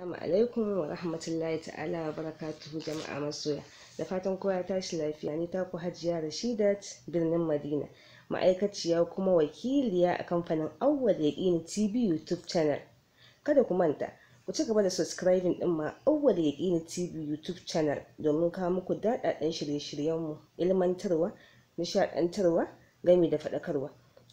Assalamu alaikum wa rahmatullahi ta'ala wa barakatuhu jama'a masoya. Da fatan kowa ya tashi lafiya ne ta ku Hajiya Rashidat birnin Madina. Ma'aikaciya kuma wakiliya a kamfanin Awwal Yaqin TV YouTube channel. Kada ku manta, ku ci gaba da subscribing din ma Awwal Yaqin TV YouTube channel domin kawo muku daɗaɗen shirye-shiryenmu, ilmantarwa, nishaɗantarwa, gami da faɗakarwa.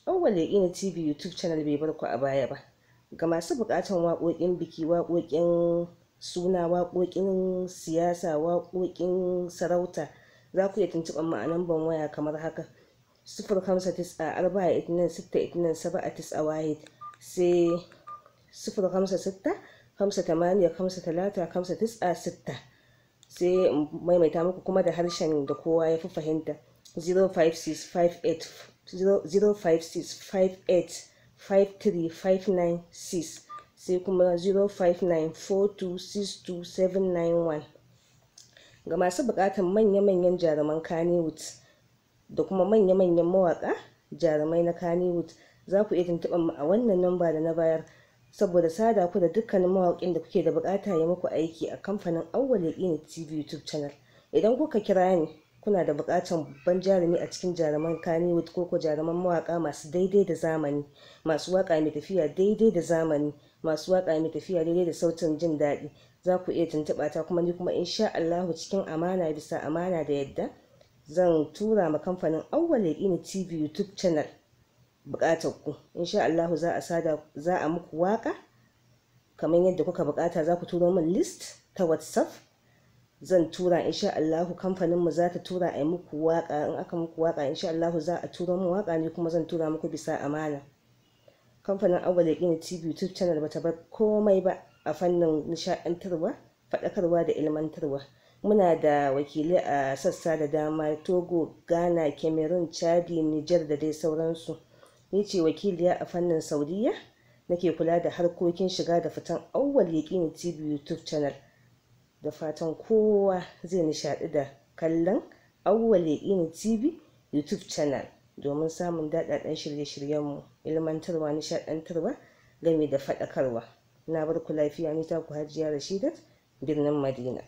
Awwal Yaqin TV YouTube channel bai bar ku a baya ba. ga masu bukatan waƙoƙin biki waƙoƙin suna waƙoƙin siyasa waƙoƙin sarauta za ku iya tuntuɓa mu a namban waya kamar haka sifir hamsa tis'a arba'a itinin sitta itinin saba'a tis'a wahid sai sifir hamsa sitta hamsa tamaniya hamsa talata hamsa tis'a sitta sai maimaita muku kuma da harshen da kowa ya fi fahimta 056 58 53596 sai kuma 0594262791 ga masu buƙatar manya-manyan jaruman Kannywood da kuma manya-manyan mawaƙa jarumai na Kannywood za ku iya mu a wannan namba da na bayar saboda sada ku da dukkanin mawaƙin da kuke da buƙata ya muku aiki a kamfanin Auwal Yaƙini TV YouTube channel idan kuka kira ni kuna da buƙatar babban jarumi a cikin jaruman ko koko jaruman mawaka masu daidai da zamani masu waka mai tafiya daidai da zamani masu waka mai tafiya daidai da sautin jin daɗi za ku iya tuntuɓa ta kuma ni kuma insha Allahu cikin amana bisa amana da yadda zan tura ma kamfanin awwal ini tv youtube channel buƙatar ku insha Allahu za a sada za a muku waƙa kamar yadda kuka bukata za ku turo min list ta whatsapp zan tura insha Allahu kamfanin mu zata tura a muku waka in aka muku waka insha Allahu za a tura mu waka ne kuma zan tura muku bisa amana kamfanin da Gina TV YouTube channel bata bar komai ba a fannin nishaɗantarwa faɗakarwa da ilmantarwa muna da wakilai a sassa da dama Togo Ghana Cameroon Chadi Niger da dai sauransu ni ce wakiliya a fannin Saudiya nake kula da harkokin shiga da fitan Awwal Yaqini TV YouTube channel da fatan kowa zai nishaɗi da kallon auwale ini tv youtube channel domin samun daɗaɗɗen shirye-shiryenmu ilmantarwa nishaɗantarwa game da faɗakarwa na barku lafiya ni ta ku hajiya rashidat birnin madina